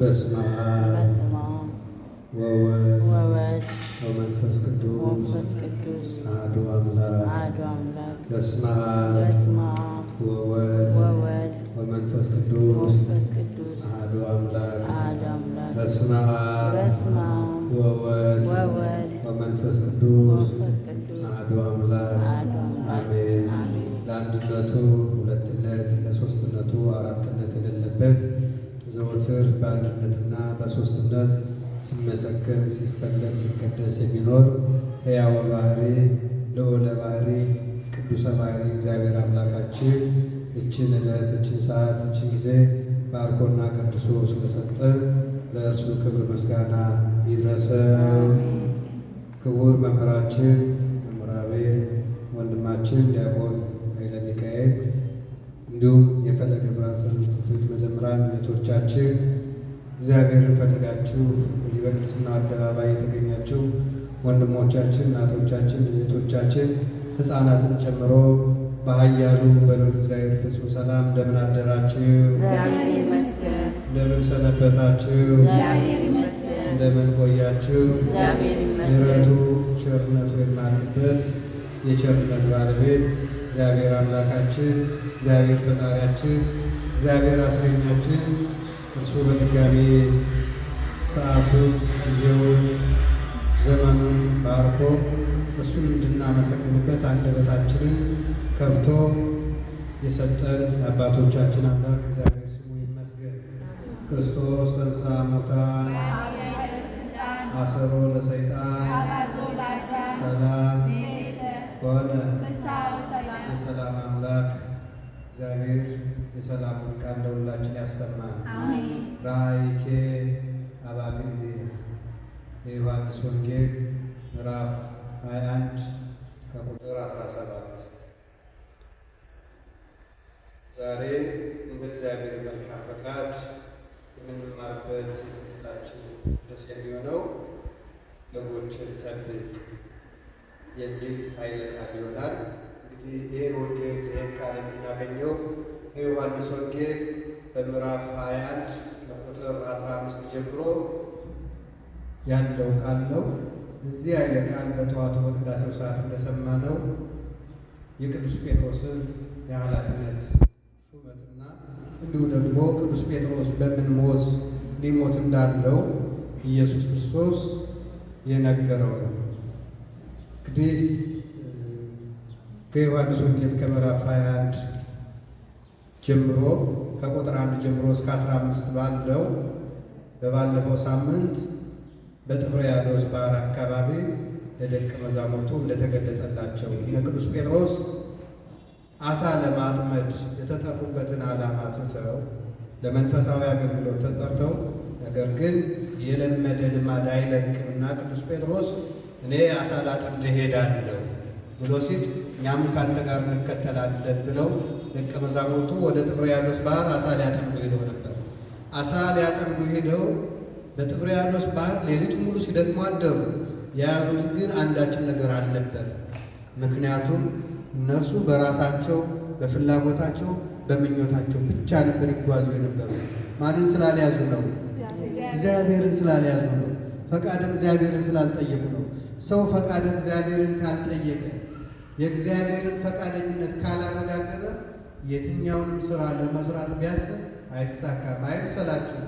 بسمها ووال ومن فسك الدوس عاد أملاك بسمها ووال ومن فسك الدوس عاد أملاك بسمها ووال ومن فسك الدوس ሦስትነት ሲመሰገን፣ ሲሰለስ፣ ሲቀደስ የሚኖር ሕያው ባህሪ ልዑለ ባህሪ ቅዱሰ ባህሪ እግዚአብሔር አምላካችን እችን ዕለት እችን ሰዓት እችን ጊዜ ባርኮና ቀድሶ ስለሰጠን ለእርሱ ክብር ምስጋና ይድረሰው። ክቡር መምህራችን መምህራቤ ወንድማችን ዲያቆን ኃይለ ሚካኤል እንዲሁም የፈለገ ብርሃን ሰንበት መዘምራን እህቶቻችን እግዚአብሔርን ፈልጋችሁ በዚህ በቅድስና አደባባይ የተገኛችሁ ወንድሞቻችን፣ እናቶቻችን፣ እህቶቻችን ህፃናትን ጨምሮ በኃያሉ በልዑል እግዚአብሔር ፍጹም ሰላም እንደምን አደራችሁ? እንደምን ሰነበታችሁ? እንደምን ቆያችሁ? ምሕረቱ ቸርነቱ የማያልቅበት የቸርነት ባለቤት እግዚአብሔር አምላካችን፣ እግዚአብሔር ፈጣሪያችን፣ እግዚአብሔር አስገኛችን እርሱ በድጋሜ ሰዓቱን፣ ጊዜውን፣ ዘመኑን ባርኮ እሱን እንድናመሰግንበት አንደበታችንን ከፍቶ የሰጠን አባቶቻችን አምላክ እግዚአብሔር ስሙ ይመስገን። ክርስቶስ ተንሥአ እሙታን አሰሮ ለሰይጣን ሰላም ከሆነ የሰላም አምላክ እግዚአብሔር የሰላሙን ቃል ለሁላችን ያሰማል። ራይኬ አባቢ የዮሐንስ ወንጌል ምዕራፍ 21 ከቁጥር 17 ዛሬ እንደ እግዚአብሔር መልካም ፈቃድ የምንማርበት የትምህርታችን ደስ የሚሆነው በጎችን ጠብቅ የሚል ኃይለ ቃል ይሆናል። ይህን ወንጌል ይህን ቃል የምናገኘው የዮሐንስ ወንጌል በምዕራፍ 21 ከቁጥር 15 ጀምሮ ያለው ቃል ነው። እዚህ ያለ ቃል በጠዋቱ በቅዳሴው ሰዓት እንደሰማነው የቅዱስ ጴጥሮስን የኃላፊነት ሹመትና እንዲሁ ደግሞ ቅዱስ ጴጥሮስ በምን ሞት ሊሞት እንዳለው ኢየሱስ ክርስቶስ የነገረው ነው። እንግዲህ ከዮሐንስ ወንጌል ከምዕራፍ 21 ጀምሮ ከቁጥር 1 ጀምሮ እስከ 15 ባለው በባለፈው ሳምንት በጥብርያዶስ ባህር አካባቢ ለደቀ መዛሙርቱ እንደተገለጠላቸው እነ ጴጥሮስ አሳ ለማጥመድ የተጠሩበትን ዓላማ ትተው ለመንፈሳዊ አገልግሎት ተጠርተው ነገር ግን የለመደ ልማድ አይለቅምና ቅዱስ ጴጥሮስ እኔ አሳ ላጥምድ እሄዳለሁ ብሎ ሲል እኛም ከአንተ ጋር እንከተላለን ብለው ደቀ መዛሙርቱ ወደ ጥብርያዶስ ባህር አሳ ሊያጠምዱ ሄደው ነበር። አሳ ሊያጠምዱ ሄደው በጥብርያዶስ ባህር ሌሊት ሙሉ ሲደክሙ አደሩ። የያዙት ግን አንዳችን ነገር አልነበረ። ምክንያቱም እነርሱ በራሳቸው በፍላጎታቸው በምኞታቸው ብቻ ነበር ይጓዙ የነበሩ። ማንን ስላልያዙ ነው? እግዚአብሔርን ስላልያዙ ነው። ፈቃድ እግዚአብሔርን ስላልጠየቁ ነው። ሰው ፈቃድ እግዚአብሔርን ካልጠየቀ የእግዚአብሔርን ፈቃደኝነት ካላረጋገጠ የትኛውንም ስራ ለመስራት ቢያስብ አይሳካም። አይምሰላችሁ፣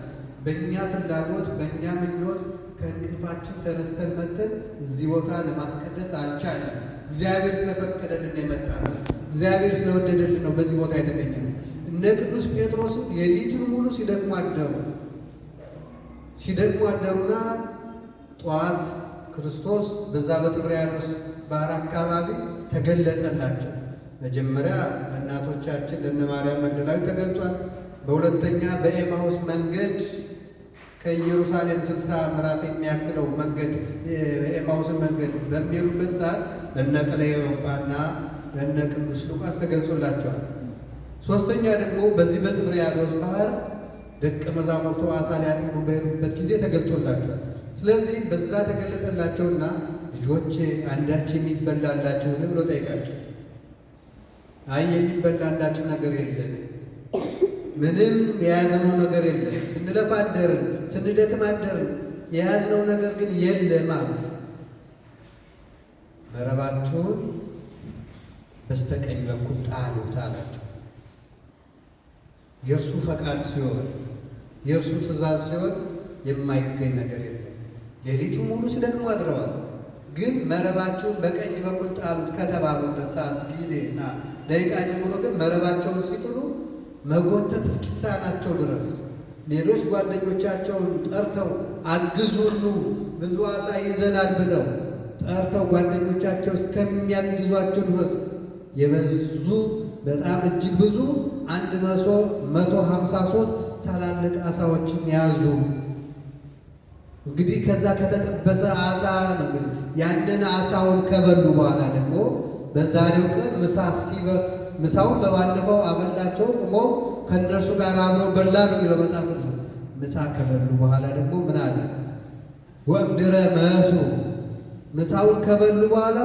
በእኛ ፍላጎት በእኛ ምኞት ከእንቅልፋችን ተነስተን መተን እዚህ ቦታ ለማስቀደስ አልቻለም። እግዚአብሔር ስለፈቀደልን የመጣ ነው። እግዚአብሔር ስለወደደልን ነው በዚህ ቦታ የተገኘ ነው። እነ ቅዱስ ጴጥሮስ ሌሊቱን ሙሉ ሲደክሙ አደሩ። ሲደክሙ አደሩና ጠዋት ክርስቶስ በዛ በጥብርያዶስ ባህር አካባቢ ተገለጠላቸው። መጀመሪያ ለእናቶቻችን ለእነ ማርያም መግደላዊ ተገልጧል። በሁለተኛ በኤማሁስ መንገድ ከኢየሩሳሌም ስልሳ ምዕራፍ የሚያክለው መንገድ የኤማሁስን መንገድ በሚሄዱበት ሰዓት ለነ ቀለዮጳና ለነ ቅዱስ ሉቃስ ተገልጾላቸዋል። ሶስተኛ ደግሞ በዚህ በጥብርያዶስ ባህር ደቀ መዛሙርቱ አሳ ሊያጠምዱ በሄዱበት ጊዜ ተገልጦላቸዋል። ስለዚህ በዛ ተገለጠላቸውና ልጆች አንዳች የሚበላላችሁን ብሎ ጠይቃቸው። አይ የሚበላ አንዳችሁ ነገር የለን፣ ምንም የያዝነው ነገር የለም። ስንለፋ አደርን፣ ስንደክም አደርን፣ የያዝነው ነገር ግን የለም አሉት። መረባችሁን በስተቀኝ በኩል ጣሉት አላቸው። የእርሱ ፈቃድ ሲሆን የእርሱ ትእዛዝ ሲሆን የማይገኝ ነገር የለም። ሌሊቱ ሙሉ ሲደክሙ አድረዋል። ግን መረባቸውን በቀኝ በኩል ጣሉት ከተባሉበት ሰዓት ጊዜና ደቂቃ ጀምሮ ግን መረባቸውን ሲጥሉ መጎተት እስኪሳናቸው ድረስ ሌሎች ጓደኞቻቸውን ጠርተው አግዙኑ ብዙ አሳ ይዘናል ብለው ጠርተው ጓደኞቻቸው እስከሚያግዟቸው ድረስ የበዙ በጣም እጅግ ብዙ አንድ መሶ መቶ ሀምሳ ሶስት ታላልቅ አሳዎችን ያዙ። እንግዲህ ከዛ ከተጠበሰ አሳ ነው እንግዲህ ያንን አሳውን ከበሉ በኋላ ደግሞ በዛሬው ቀን ምሳውን በባለፈው አበላቸው ቆሞ ከእነርሱ ጋር አብረው በላ ነው የሚለው መጽሐፍ ቅዱስ። ምሳ ከበሉ በኋላ ደግሞ ምን አለ? ወእምድረ መሱ ምሳውን ከበሉ በኋላ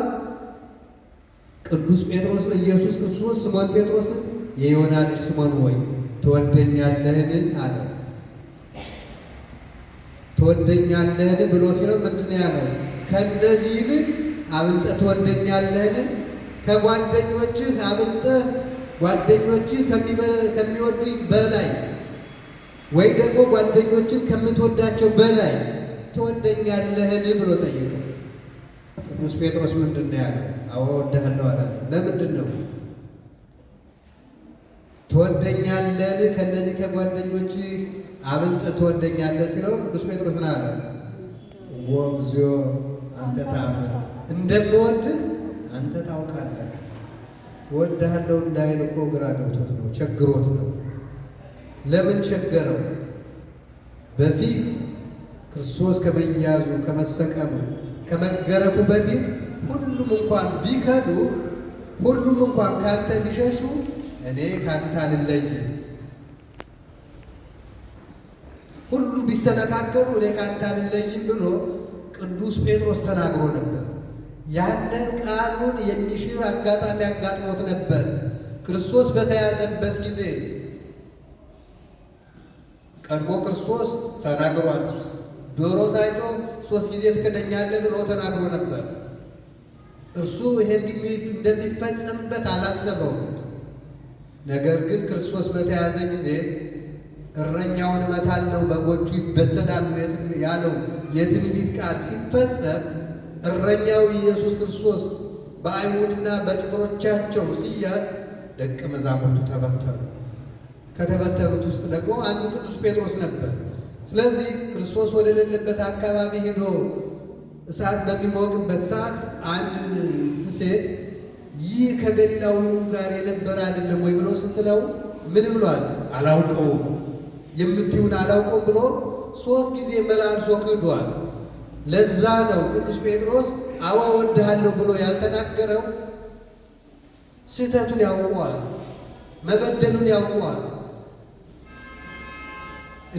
ቅዱስ ጴጥሮስን ኢየሱስ ክርስቶስ ስሞን ጴጥሮስን የዮና ልጅ ስሞን ወይ ትወደኛለህን አለ። ትወደኛለህን ብሎ ሲለው ምንድን ነው ያለው? ከእነዚህ ይልቅ አብልጠህ ትወደኛለህን? ከጓደኞችህ አብልጠህ ጓደኞችህ ከሚወዱኝ በላይ ወይ ደግሞ ጓደኞችን ከምትወዳቸው በላይ ትወደኛለህን ብሎ ጠይቀው። ቅዱስ ጴጥሮስ ምንድን ነው ያለው? አዎ እወድሃለሁ አለ። ለምንድን ነው ትወደኛለህን? ከእነዚህ ከጓደኞች አብልጠህ ትወደኛለህ ሲለው ቅዱስ ጴጥሮስ ምን አለ? እግዚኦ አንተ ታምር፣ እንደምወድህ አንተ ታውቃለህ። ወዳለው እንዳይል እኮ ግራ ገብቶት ነው፣ ቸግሮት ነው። ለምን ቸገረው? በፊት ክርስቶስ ከመያዙ ከመሰቀሙ፣ ከመገረፉ በፊት ሁሉም እንኳን ቢከዱ፣ ሁሉም እንኳን ካንተ ቢሸሹ፣ እኔ ካንተ አልለይም። ሁሉ ቢሰነካከሉ፣ እኔ ካንተ አልለይም ብሎ ቅዱስ ጴጥሮስ ተናግሮ ነበር። ያንን ቃሉን የሚሽር አጋጣሚ አጋጥሞት ነበር። ክርስቶስ በተያዘበት ጊዜ ቀድሞ ክርስቶስ ተናግሯል። ዶሮ ሳይቶ ሶስት ጊዜ ትክደኛለህ ብሎ ተናግሮ ነበር። እርሱ ይሄ እንደሚፈጸምበት አላሰበው። ነገር ግን ክርስቶስ በተያዘ ጊዜ እረኛውን እመታለሁ በጎቹ ይበተናሉ ያለው የትንቢት ቃል ሲፈጸም እረኛው ኢየሱስ ክርስቶስ በአይሁድና በጭፍሮቻቸው ሲያዝ ደቀ መዛሙርቱ ተበተኑ። ከተበተኑት ውስጥ ደግሞ አንዱ ቅዱስ ጴጥሮስ ነበር። ስለዚህ ክርስቶስ ወደ ሌለበት አካባቢ ሄዶ እሳት በሚሞቅበት ሰዓት አንድ ሴት ይህ ከገሊላዊው ጋር የነበረ አይደለም ወይ ብሎ ስትለው ምን ብሏል? አላውቀውም የምትሁን አላውቀውም ብሎ ሶስት ጊዜ መላልሶ ክዷል። ለዛ ነው ቅዱስ ጴጥሮስ አዋ ወድሃለሁ ብሎ ያልተናገረው። ስህተቱን ያውቀዋል፣ መበደሉን ያውቀዋል።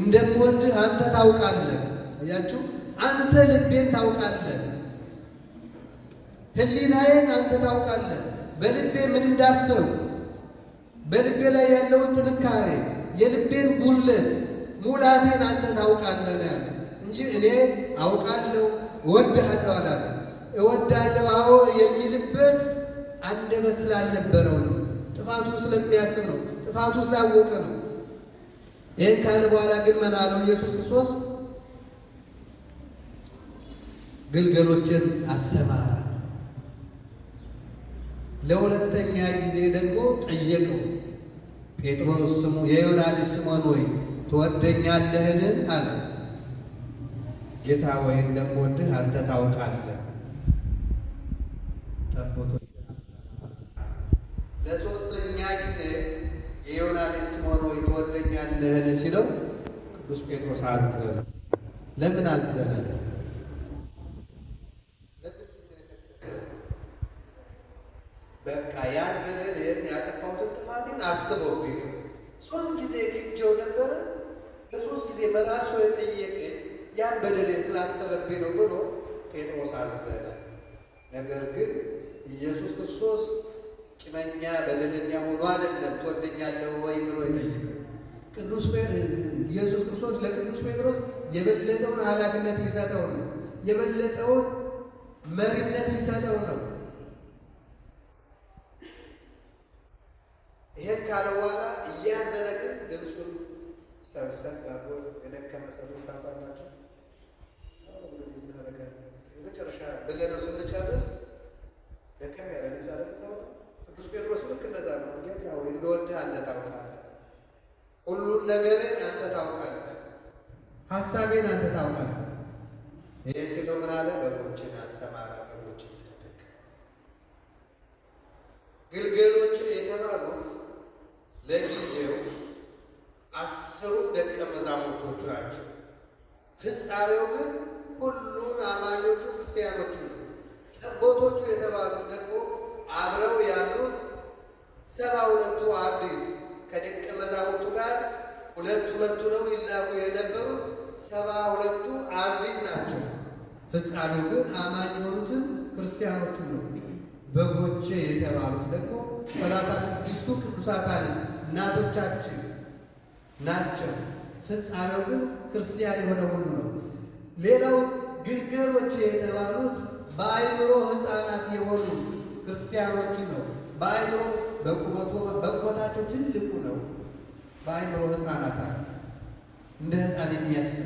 እንደምወድ አንተ ታውቃለህ። አያችሁ፣ አንተ ልቤን ታውቃለህ፣ ህሊናዬን አንተ ታውቃለህ። በልቤ ምን እንዳሰብ፣ በልቤ ላይ ያለውን ጥንካሬ፣ የልቤን ጉለት ሙላቴን አንተ ታውቃለህ እንጂ እኔ አውቃለሁ እወድሃለሁ አላለ። እወዳለሁ አዎ የሚልበት አንደበት ስላልነበረው ነው። ጥፋቱ ስለሚያስብ ነው። ጥፋቱ ስላወቀ ነው። ይህን ካለ በኋላ ግን ምን አለው ኢየሱስ ክርስቶስ? ግልገሎችን አሰማራ። ለሁለተኛ ጊዜ ደግሞ ጠየቀው። ጴጥሮስ ስሙ የዮናንስ ስምዖን ወይ ትወደኛለህን አለ። ጌታ ወይ እንደምወድህ አንተ ታውቃለህ። ጠቦቶ ለሶስተኛ ጊዜ የዮና ልጅ ስምዖን ሆይ ትወደኛለህን ሲለው ቅዱስ ጴጥሮስ አዘነ። ለምን አዘነ? ጴጥሮስ አዘነ። ነገር ግን ኢየሱስ ክርስቶስ ቂመኛ በደለኛ ሆኖ አይደለም ትወደኛለህ ወይ ብሎ የጠየቀው። ቅዱስ ኢየሱስ ክርስቶስ ለቅዱስ ጴጥሮስ የበለጠውን ኃላፊነት ሊሰጠው ነው። የበለጠውን መሪነት ሊሰጠው ነው። ይሄን ካለ በኋላ እያዘነ ግን ድምፁን ሰብሰብ አድርጎ የደከመ ጸሎት ብለነው ስንጨርስ ደከም ያለ ልብስ አለምናወጣ ቅዱስ ጴጥሮስ ልክ እንደዛ ነው። እንዴት ያው እንደወድህ አንተ ታውቃለህ፣ ሁሉን ነገርን አንተ ታውቃለህ፣ ሀሳቤን አንተ ታውቃለህ። ይህን ሲለው ምን አለ? በጎችን አሰማራ፣ በጎችን ጠብቅ። ግልገሎች የተባሉት ለጊዜው አስሩ ደቀ መዛሙርቶቹ ናቸው። ፍጻሜው ግን ሁሉን አማኞቹ ክርስቲያኖቹ ነው። ጠቦቶቹ የተባሉት ደግሞ አብረው ያሉት ሰባ ሁለቱ አርድእት ከደቀ መዛሙርቱ ጋር ሁለቱ ሁለቱ ነው ይላኩ የነበሩት ሰባ ሁለቱ አርድእት ናቸው። ፍጻሜው ግን አማኝ የሆኑትን ክርስቲያኖቹ ነው። በጎቼ የተባሉት ደግሞ ሰላሳ ስድስቱ ቅዱሳት አንስት እናቶቻችን ናቸው። ፍጻሜው ግን ክርስቲያን የሆነ ሁሉ ነው። ሌላው ግልገሎች የተባሉት በአይምሮ ህፃናት የሆኑ ክርስቲያኖችን ነው። በአእምሮ በቁመታቸው ትልቁ ነው። በአይምሮ ህፃናት አሉ። እንደ ህፃን የሚያስብ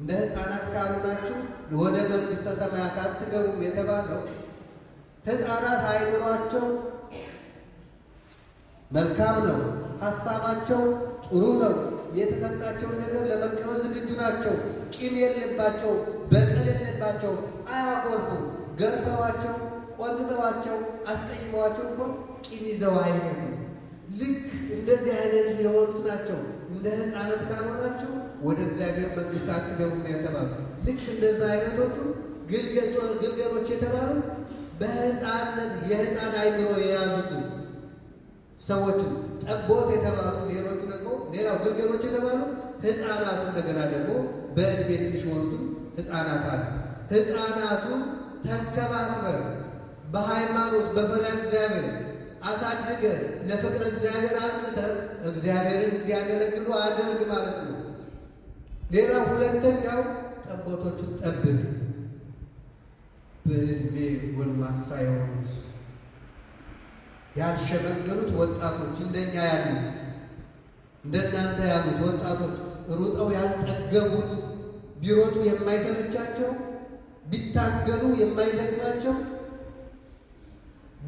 እንደ ህፃናት ካሉናችሁ ወደ መንግሥተ ሰማያት አትገቡም የተባለው ህፃናት አይምሯቸው መልካም ነው፣ ሀሳባቸው ጥሩ ነው። የተሰጣቸውን ነገር ለመቀበል ዝግጁ ናቸው። ቂም የለባቸው፣ በቀል የለባቸው፣ አያኮርፉም። ገርፈዋቸው፣ ቆንጥጠዋቸው፣ አስቀይመዋቸው እኮ ቂም ይዘው አይነት ልክ እንደዚህ አይነት የሆኑት ናቸው። እንደ ሕፃናት ካልሆናችሁ ወደ እግዚአብሔር መንግሥት አትገቡም የተባሉ ልክ እንደዛ አይነቶቹ ግልገሎች የተባሉት በሕፃንነት የሕፃን አይምሮ የያዙትን ሰዎች ጠቦት የተባሉት ሌሎቹ ደግሞ ሌላው ግልገሎች የተባሉት ህፃናቱ እንደገና ደግሞ በእድሜ ትንሽ የሆኑትም ህፃናት አሉ። ህፃናቱን ተንከባክበ በሃይማኖት በፈሪሃ እግዚአብሔር አሳድገ ለፍቅረ እግዚአብሔር አልቅተ እግዚአብሔርን እንዲያገለግሉ አድርግ ማለት ነው። ሌላው ሁለተኛው ጠቦቶቹን ጠብቅ። በእድሜ ጎልማሳ የሆኑት ያልሸመገሉት ወጣቶች እንደኛ ያሉት እንደናንተ ያሉት ወጣቶች ሩጠው ያልጠገቡት ቢሮጡ የማይሰለቻቸው ቢታገሉ የማይደክማቸው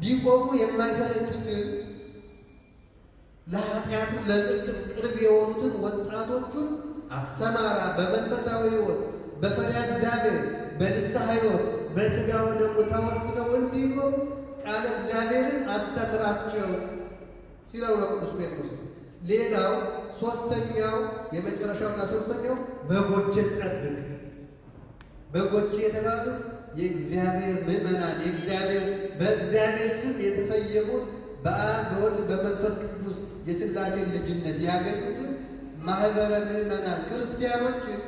ቢቆሙ የማይሰለቹትን ለኃጢአትም ለጽድቅም ቅርብ የሆኑትን ወጣቶቹን አሰማራ። በመንፈሳዊ ሕይወት በፈሪሃ እግዚአብሔር በንስሐ ሕይወት በሥጋ ወደሙ ተወስነው እንዲኖሩ ቃለ እግዚአብሔርን አስተምራቸው ሲለው ነው ቅዱስ ጴጥሮስ። ሌላው ሶስተኛው የመጨረሻውና ሶስተኛው በጎቼን ጠብቅ። በጎች የተባሉት የእግዚአብሔር ምዕመናን የእግዚአብሔር በእግዚአብሔር ስም የተሰየሙት በአብ በወልድ በመንፈስ ቅዱስ የሥላሴን ልጅነት ያገኙትን ማህበረ ምዕመናን ክርስቲያኖችን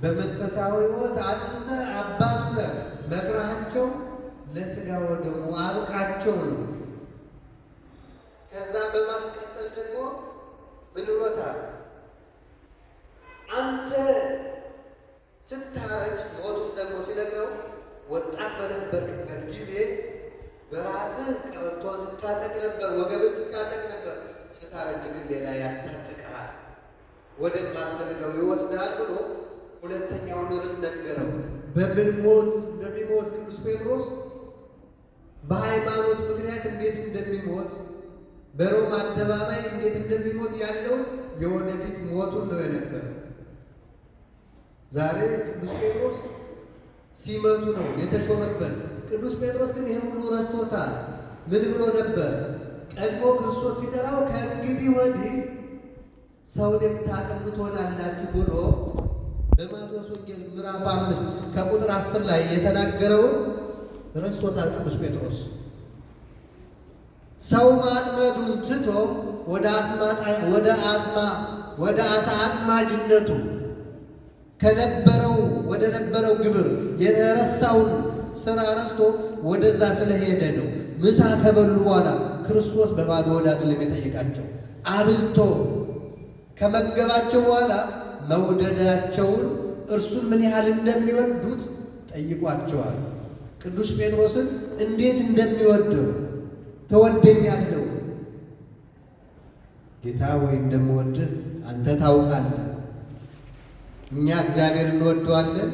በመንፈሳዊ ሕይወት አጽንተህ አባትለህ መክረሃቸው ለሥጋ ወደሙ አብቃቸው ነው። ከዛ በማስቀጠል ደግሞ ምን ብሎታል? አንተ ስታረጅ ሞቱን ደግሞ ሲነግረው ወጣት በነበርክበት ጊዜ በራስህ ቀበቶ ትታጠቅ ነበር፣ ወገብን ትታጠቅ ነበር። ስታረጅ ግን ሌላ ያስታጥቅሃል፣ ወደማትፈልገው ይወስዳል ብሎ ሁለተኛውን ርዕስ ነገረው። በምን ሞት እንደሚሞት ቅዱስ ጴጥሮስ በሃይማኖት ምክንያት እንዴት እንደሚሞት በሮም አደባባይ እንዴት እንደሚሞት ያለው የወደፊት ሞቱን ነው የነገረው። ዛሬ ቅዱስ ጴጥሮስ ሲመቱ ነው የተሾመበት። ቅዱስ ጴጥሮስ ግን ይህን ሁሉ ረስቶታል። ምን ብሎ ነበር? ቀድሞ ክርስቶስ ሲጠራው ከእንግዲህ ወዲህ ሰው የምታጠምዱ ትሆናላችሁ ብሎ በማቴዎስ ወንጌል ምዕራፍ አምስት ከቁጥር አስር ላይ የተናገረውን ረስቶታል ቅዱስ ጴጥሮስ። ሰው ማጥመዱን ትቶ ወደ ወደ አስማ ወደ አሳ አጥማጅነቱ ከነበረው ወደ ነበረው ግብር የተረሳውን ስራ ረስቶ ወደዛ ስለሄደ ነው። ምሳ ከበሉ በኋላ ክርስቶስ በባዶ ወዳግለም የጠየቃቸው አብልቶ ከመገባቸው በኋላ መውደዳቸውን እርሱን ምን ያህል እንደሚወዱት ጠይቋቸዋል። ቅዱስ ጴጥሮስን እንዴት እንደሚወደው ተወደኛለሁ ጌታ ወይ እንደምወድህ አንተ ታውቃለህ። እኛ እግዚአብሔር እንወደዋለን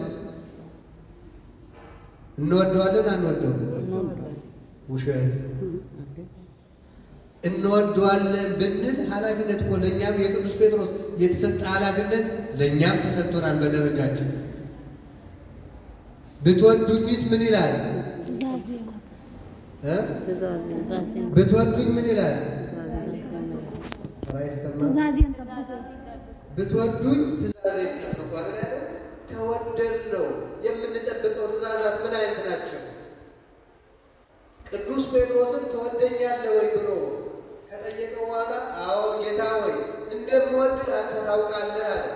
እንወደዋለን አንወደው ውሸት እንወደዋለን ብንል ኃላፊነት እኮ ለእኛም የቅዱስ ጴጥሮስ የተሰጠ ኃላፊነት ለእኛም ተሰጥቶናል በደረጃችን ብትወዱኝስ ምን ይላል? ብትወዱኝ ምን ይላል? ብትወዱኝ ትእዛዜን ጠብቁ። ተወደድ ነው የምንጠብቀው። ትእዛዛት ምን አይነት ናቸው? ቅዱስ ጴጥሮስን ትወደኛለህ ወይ ብሎ ከጠየቀ በኋላ አዎ ጌታ ወይ እንደምወድህ አንተ ታውቃለህ አለ።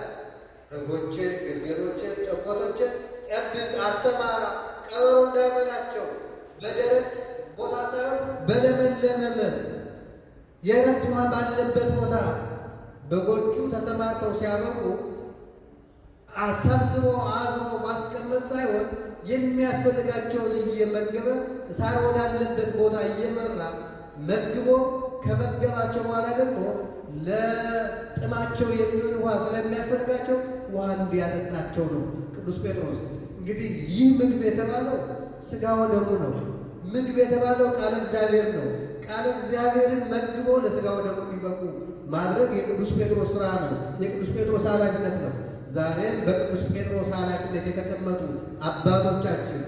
በጎቼን፣ ግልገሎቼን፣ ጠቦቶቼን ጠብቅ፣ አሰማራ፣ ቀበሮ እንዳይበላቸው በደረቅ ቦታ ሳይሆን በለመለመ መስክ የእረፍት ውሃ ባለበት ቦታ በጎቹ ተሰማርተው ሲያበቁ አሰብስቦ አዝሮ ማስቀመጥ ሳይሆን የሚያስፈልጋቸውን እየመገበ ሳር ወዳለበት ቦታ እየመራ መግቦ ከመገባቸው በኋላ ደግሞ ለጥማቸው የሚሆን ውሃ ስለሚያስፈልጋቸው ውሃ እንዲያጠጣቸው ነው ቅዱስ ጴጥሮስ እንግዲህ ይህ ምግብ የተባለው ስጋ ወደሙ ነው። ምግብ የተባለው ቃለ እግዚአብሔር ነው። ቃለ እግዚአብሔርን መግቦ ለስጋ ወደሙ የሚበቁ ማድረግ የቅዱስ ጴጥሮስ ስራ ነው። የቅዱስ ጴጥሮስ ኃላፊነት ነው። ዛሬም በቅዱስ ጴጥሮስ ኃላፊነት የተቀመጡ አባቶቻችን፣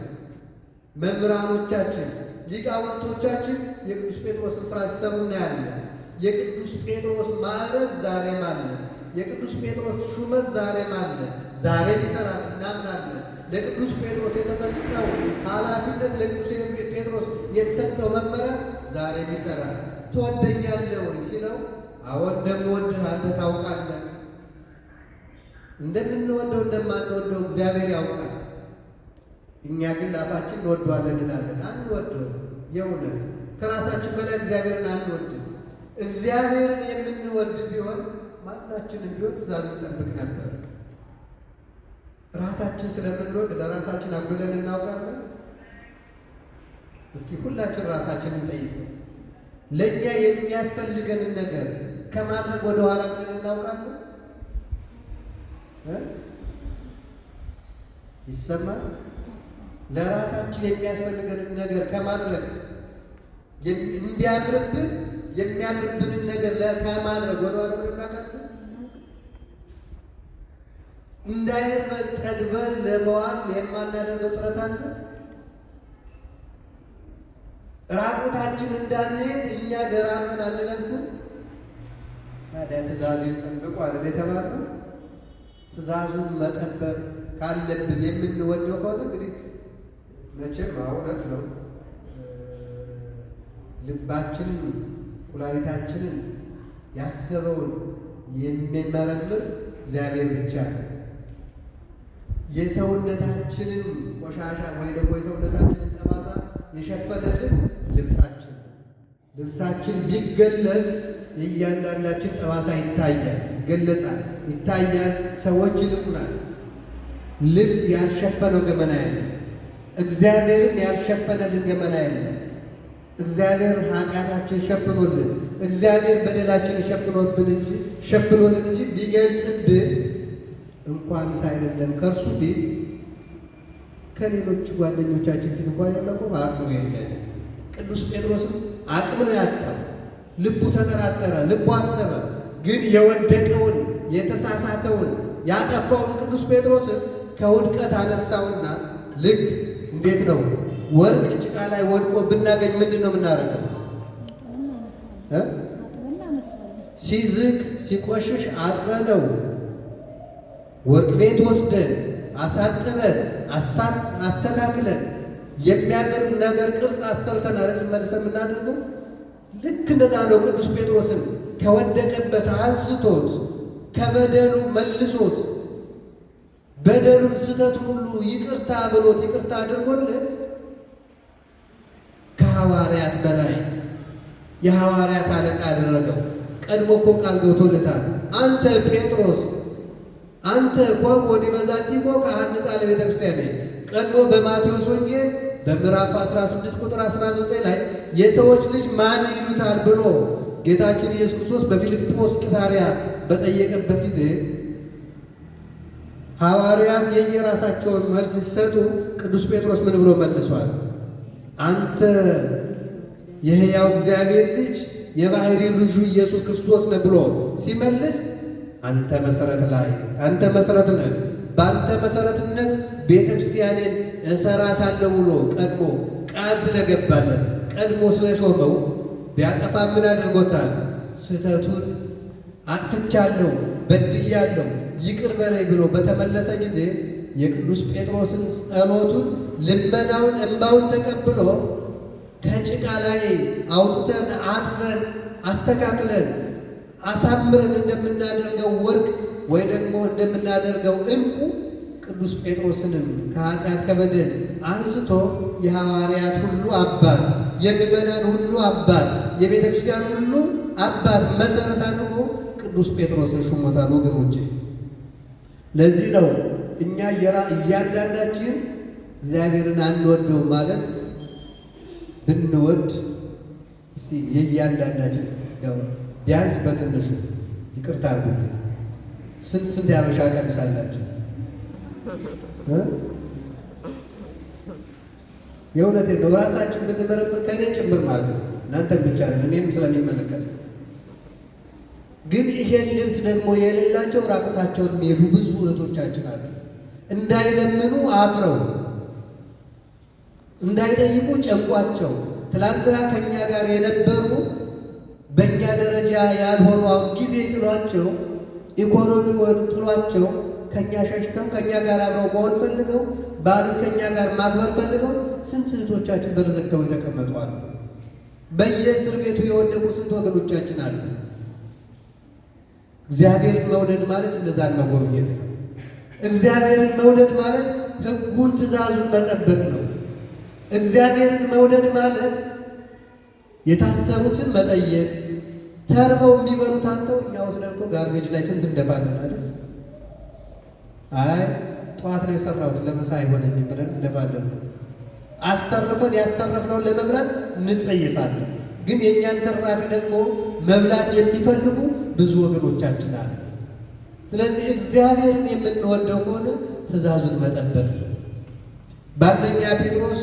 መምህራኖቻችን፣ ሊቃውንቶቻችን የቅዱስ ጴጥሮስን ስራ ሲሰሩ እናያለን። የቅዱስ ጴጥሮስ ማዕረግ ዛሬም አለ። የቅዱስ ጴጥሮስ ሹመት ዛሬም አለ። ዛሬም ይሰራል። እናምናለን። ለቅዱስ ጴጥሮስ የተሰጠው ኃላፊነት ለቅዱስ ጴጥሮስ የተሰጠው መመሪያ ዛሬ ይሰራ ትወደኛለህ ወይ ሲለው አዎን እንደምወድህ አንተ ታውቃለህ። እንደምንወደው እንደማንወደው እግዚአብሔር ያውቃል። እኛ ግን ላፋችን እንወደዋለን እንላለን፣ አንወደው። የእውነት ከራሳችን በላይ እግዚአብሔርን አንወድም። እግዚአብሔርን የምንወድ ቢሆን ማናችንም ቢሆን ትእዛዝ እንጠብቅ ነበር። ራሳችን ስለምንወድ ለራሳችን አጉለን እናውቃለን። እስኪ ሁላችን ራሳችንን ጠይቅ። ለእኛ የሚያስፈልገንን ነገር ከማድረግ ወደ ኋላ ብለን እናውቃለን? ይሰማል? ለራሳችን የሚያስፈልገንን ነገር ከማድረግ እንዲያምርብን የሚያምርብንን ነገር ከማድረግ ወደ ኋላ ብለን እናውቃለን? እንዳይርበን ጠግበን ለመዋል የማናደርገው ጥረት አለ። ራቁታችን እንዳንሄድ እኛ ደራርበን አንለብስም። ታዲያ ትእዛዙን ጠብቁ አይደል የተባለው? ትእዛዙን መጠበቅ ካለብን የምንወደው ከሆነ እንግዲህ መቼም እውነት ነው ልባችንን ኩላሊታችንን ያሰበውን የሚመረምር እግዚአብሔር ብቻ ነው። የሰውነታችንን ቆሻሻ ወይ ደግሞ የሰውነታችንን ጠባሳ የሸፈነልን ልብሳችን ልብሳችን ቢገለጽ የእያንዳንዳችን ጠባሳ ይታያል፣ ይገለጻል፣ ይታያል። ሰዎች ይልቁናል ልብስ ያልሸፈነው ገመና ያለ እግዚአብሔርን ያልሸፈነልን ገመና ያለ እግዚአብሔር ኃጢአታችን ሸፍኖልን እግዚአብሔር በደላችን ሸፍኖብን እንጂ ሸፍኖልን እንጂ ቢገልጽብን እንኳን አይደለም ከእርሱ ፊት ከሌሎች ጓደኞቻችን ፊት እንኳን የመቆም አቅሙ የለን። ቅዱስ ጴጥሮስም አቅም ነው ያጣው። ልቡ ተጠራጠረ፣ ልቡ አሰበ። ግን የወደቀውን የተሳሳተውን ያጠፋውን ቅዱስ ጴጥሮስን ከውድቀት አነሳውና ልክ እንዴት ነው ወርቅ ጭቃ ላይ ወድቆ ብናገኝ ምንድን ነው የምናደርገው? ሲዝግ ሲቆሽሽ አጥበለው ወጥ ቤት ወስደን አሳጥበን አስተካክለን የሚያደርግ ነገር ቅርጽ አሰርተን አይደል መልሰን የምናደርገው። ልክ እንደዛ ነው። ቅዱስ ጴጥሮስን ከወደቀበት አንስቶት ከበደሉ መልሶት በደሉን ስህተቱን ሁሉ ይቅርታ ብሎት ይቅርታ አድርጎለት ከሐዋርያት በላይ የሐዋርያት አለቃ አደረገው። ቀድሞ እኮ ቃል ገብቶለታል። አንተ ጴጥሮስ አንተ ቆም ወዲበዛቲኮ ካህንጻ ለቤተክርስቲያን ቀድሞ በማቴዎስ ወንጌል በምዕራፍ 16 ቁጥር 19 ላይ የሰዎች ልጅ ማን ይሉታል ብሎ ጌታችን ኢየሱስ ክርስቶስ በፊልጶስ ቂሳርያ በጠየቀበት ጊዜ ሐዋርያት የየራሳቸውን መልስ ሲሰጡ ቅዱስ ጴጥሮስ ምን ብሎ መልሷል? አንተ የሕያው እግዚአብሔር ልጅ የባህሪ ልጁ ኢየሱስ ክርስቶስ ነው ብሎ ሲመልስ አንተ መሰረት ላይ አንተ መሰረት ላይ በአንተ መሰረትነት ቤተ ክርስቲያንን እሰራታለሁ ብሎ ቀድሞ ቃል ስለገባለን ቀድሞ ስለሾመው ቢያጠፋ ምን አድርጎታል? ስህተቱን አጥፍቻለሁ፣ በድያለሁ፣ ይቅር በለኝ ብሎ በተመለሰ ጊዜ የቅዱስ ጴጥሮስን ጸሎቱን፣ ልመናውን፣ እንባውን ተቀብሎ ከጭቃ ላይ አውጥተን አጥበን አስተካክለን አሳምረን እንደምናደርገው ወርቅ ወይ ደግሞ እንደምናደርገው እንቁ ቅዱስ ጴጥሮስንም ከኃጢአት ከበደል አንስቶ የሐዋርያት ሁሉ አባት፣ የምዕመናን ሁሉ አባት፣ የቤተ ክርስቲያን ሁሉ አባት መሰረት አድርጎ ቅዱስ ጴጥሮስን ሹሞታል። ወገኖች ለዚህ ነው እኛ እያንዳንዳችን እግዚአብሔርን አንወደው ማለት ብንወድ እስቲ የእያንዳንዳችን ቢያንስ በትንሹ ይቅርታ አድርጉልኝ። ስንት ስንት ያበሻ ቀሚስ አላቸው። የእውነት ነው። ራሳችን ብንመረምር ከእኔ ጭምር ማለት ነው እናንተን ብቻ ነው እኔንም ስለሚመለከት ግን ይሄን ልብስ ደግሞ የሌላቸው ራቁታቸውን የሚሄዱ ብዙ እህቶቻችን አሉ። እንዳይለምኑ አፍረው፣ እንዳይጠይቁ ጨንቋቸው ትላንትና ከኛ ጋር የነበሩ በእኛ ደረጃ ያልሆኑ አሁን ጊዜ ጥሏቸው ኢኮኖሚ ወይ ጥሏቸው ከእኛ ሸሽተው ከእኛ ጋር አብረው መሆን ፈልገው ባልን ከእኛ ጋር ማክበር ፈልገው ስንት እህቶቻችን በረዘግተው የተቀመጡ አሉ። በየእስር ቤቱ የወደቁ ስንት ወገኖቻችን አሉ። እግዚአብሔርን መውደድ ማለት እነዛን መጎብኘት ነው። እግዚአብሔርን መውደድ ማለት ሕጉን ትእዛዙን መጠበቅ ነው። እግዚአብሔርን መውደድ ማለት የታሰሩትን መጠየቅ ተርበው የሚበሉት አጥተው እኛ ወስደን እኮ ጋርቤጅ ላይ ስንት እንደፋለን አይደል? አይ ጠዋት ነው የሰራሁት ለመሳ አይሆነኝም ብለን እንደፋለን። አስተርፈን ያስተረፍነውን ለመብላት እንጸይፋለን። ግን የእኛን ተራፊ ደግሞ መብላት የሚፈልጉ ብዙ ወገኖቻችን አሉ። ስለዚህ እግዚአብሔርን የምንወደው ከሆነ ትእዛዙን መጠበቅ ነው። በአንደኛ ጴጥሮስ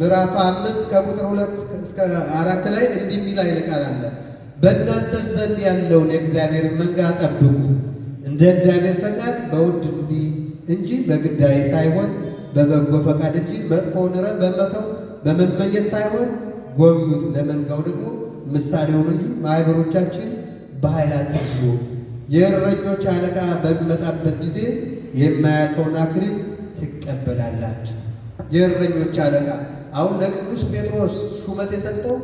ምዕራፍ አምስት ከቁጥር ሁለት እስከ አራት ላይ እንዲህ የሚል ኃይለ ቃል በእናንተ ዘንድ ያለውን የእግዚአብሔር መንጋ ጠብቁ፣ እንደ እግዚአብሔር ፈቃድ በውድ እንዲ እንጂ በግዳይ ሳይሆን በበጎ ፈቃድ እንጂ መጥፎውን ረን በመተው በመመኘት ሳይሆን ጎብኙት። ለመንጋው ደግሞ ምሳሌ ሆኑ እንጂ ማኅበሮቻችን በኃይል አትግዙ። የእረኞች አለቃ በሚመጣበት ጊዜ የማያልፈውን አክሊል ትቀበላላችሁ። የእረኞች አለቃ አሁን ለቅዱስ ጴጥሮስ ሹመት የሰጠው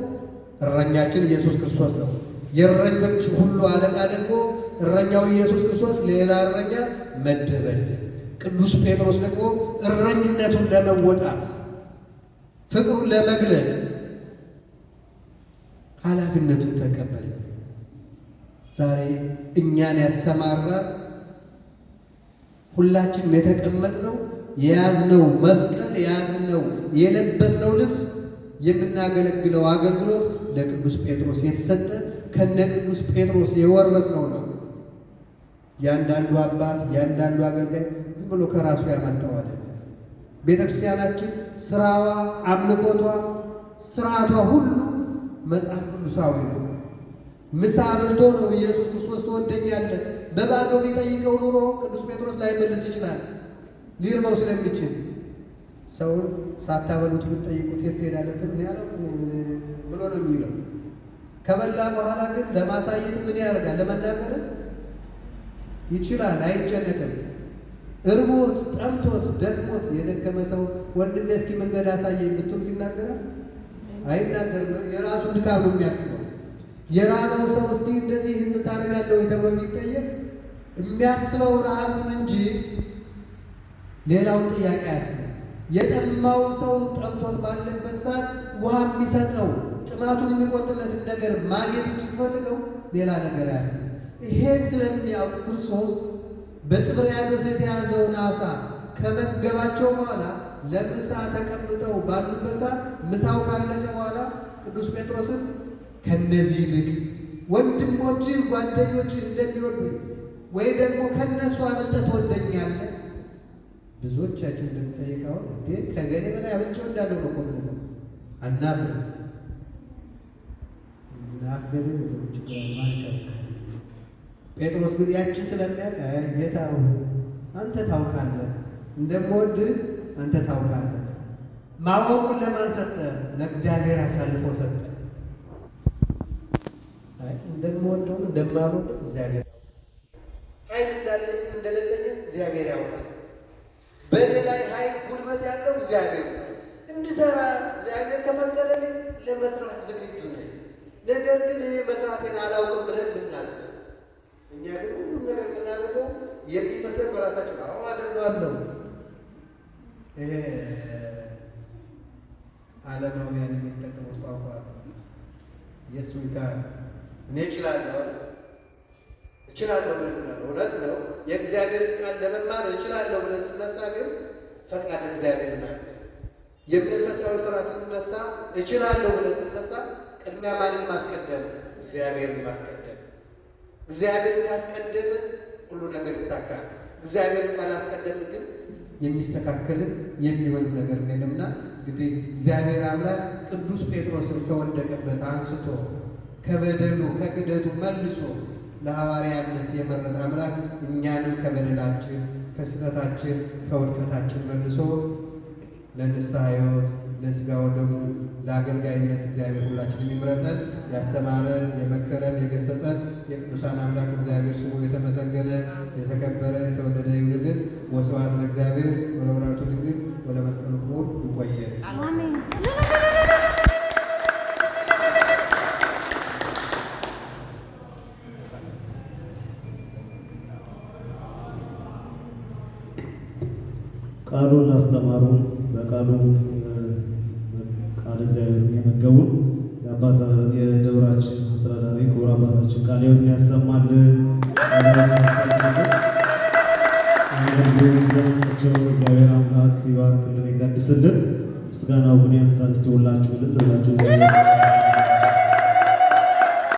እረኛችን ኢየሱስ ክርስቶስ ነው። የእረኞች ሁሉ አለቃ ደግሞ እረኛው ኢየሱስ ክርስቶስ ሌላ እረኛ መደበል። ቅዱስ ጴጥሮስ ደግሞ እረኝነቱን ለመወጣት ፍቅሩን ለመግለጽ ኃላፊነቱን ተቀበለ። ዛሬ እኛን ያሰማራ ሁላችንም የተቀመጥነው የያዝነው መስቀል የያዝነው የለበስነው ልብስ የምናገለግለው አገልግሎት ለቅዱስ ጴጥሮስ የተሰጠ ከነ ቅዱስ ጴጥሮስ የወረስነው ነው። ያንዳንዱ አባት ያንዳንዱ አገልጋይ ዝም ብሎ ከራሱ ያመጣው ቤተ ቤተክርስቲያናችን ስራዋ፣ አምልኮቷ፣ ስርዓቷ ሁሉ መጽሐፍ ቅዱሳዊ ነው። ምሳ በልቶ ነው ኢየሱስ ክርስቶስ ትወደኛለህ በባዶ ቢጠይቀው ኑሮ ቅዱስ ጴጥሮስ ላይመልስ ይችላል ሊርመው ስለሚችል ሰውን ሳታበሉት ብትጠይቁት የት ትሄዳለህ? ምን ያላቅም ብሎ ነው የሚለው። ከበላ በኋላ ግን ለማሳየት ምን ያደርጋል? ለመናገር ይችላል፣ አይጨነቅም። እርቦት፣ ጠምቶት፣ ደክሞት የደከመ ሰው ወንድሜ እስኪ መንገድ አሳየኝ ብትሉት ይናገራል? አይናገርም። የራሱ ድካም ነው የሚያስበው። የራበው ሰው እስቲ እንደዚህ እንታደርጋለሁ ተብሎ የሚጠየቅ የሚያስበው ረሃቡን እንጂ ሌላውን ጥያቄ አያስበው። የጠማውን ሰው ጠምቶት ባለበት ሰዓት ውሃ የሚሰጠው ጥማቱን የሚቆጥለትን ነገር ማግኘት የሚፈልገው ሌላ ነገር ያስ ይሄን ስለሚያውቅ ክርስቶስ በጥብርያዶስ የተያዘውን አሳ ከመገባቸው በኋላ ለምሳ ተቀምጠው ባሉበት ሰዓት ምሳው ካለቀ በኋላ ቅዱስ ጴጥሮስን ከነዚህ ይልቅ ወንድሞች ጓደኞች እንደሚወዱኝ ወይ ደግሞ ከነሱ አብልጠህ ትወደኛለህ ብዙዎቻችን እንደምንጠይቀው እንዴ ከገሌ በላይ አብልጨው እንዳለው ነው ቆም ነው አናፍር ምናፍ ገሌ ነው ችግር ማልከር ጴጥሮስ ግን ያቺ ስለሚያውቅ ጌታ አንተ ታውቃለህ፣ እንደምወድ አንተ ታውቃለህ። ማወቁን ለማን ሰጠ? ለእግዚአብሔር አሳልፎ ሰጠ። እንደምወደውም እንደማልወደው እግዚአብሔር ኃይል እንዳለኝም እንደሌለኝም እግዚአብሔር ያውቃል። በእኔ ላይ ኃይል ጉልበት ያለው እግዚአብሔር እንድሰራ እግዚአብሔር ከፈቀደልኝ ለመስራት ዝግጁ ነኝ። ነገር ግን እኔ መስራቴን አላውቅም ብለን ልናስብ እኛ ግን ሁሉም ነገር የምናደርገው የሚመስለን በራሳችን አሁ አደርገዋለሁ ይሄ ዓለማውያን የሚጠቀሙት ቋንቋ የእሱ ጋር እኔ እችላለሁ እችላለሁ ብለን እንላለን። እውነት ነው። የእግዚአብሔርን ቃል ለመማር እችላለሁ ብለን ስነሳ ግን ፈቃድ እግዚአብሔር ናል። የመንፈሳዊ ስራ ስንነሳ እችላለሁ ብለን ስነሳ ቅድሚያ ማንን ማስቀደም? እግዚአብሔርን ማስቀደም። እግዚአብሔርን ካስቀደምን ሁሉ ነገር ይሳካል። እግዚአብሔርን ካላስቀደምን ግን የሚስተካከል የሚሆንም ነገር የለምና እንግዲህ እግዚአብሔር አምላክ ቅዱስ ጴጥሮስን ከወደቀበት አንስቶ ከበደሉ ከክደቱ መልሶ ለሐዋርያነት የመረጠ አምላክ እኛንም ከበደላችን ከስህተታችን ከውድቀታችን መልሶ ለንስሐ ሕይወት ለስጋ ወደሙ ለአገልጋይነት እግዚአብሔር ሁላችን የሚምረጠን ያስተማረን፣ የመከረን፣ የገሰጸን የቅዱሳን አምላክ እግዚአብሔር ስሙ የተመሰገነ የተከበረ የተወደደ ይሁንልን። ወስብሐት ለእግዚአብሔር ወለወላዲቱ ድንግል ወለመስቀሉ ክቡር። ይቆየን። በቃሉ ላስተማሩ በቃሉ ቃል እግዚአብሔር የመገቡን የአባት የደብራችን አስተዳዳሪ ክቡር አባታችን ቃለ ሕይወትን ያሰማል እግዚአብሔር አምላክ ይባርክልን፣ ይቀድስልን። ምስጋናው ግን ያንሳል። እስቲ ሁላችሁ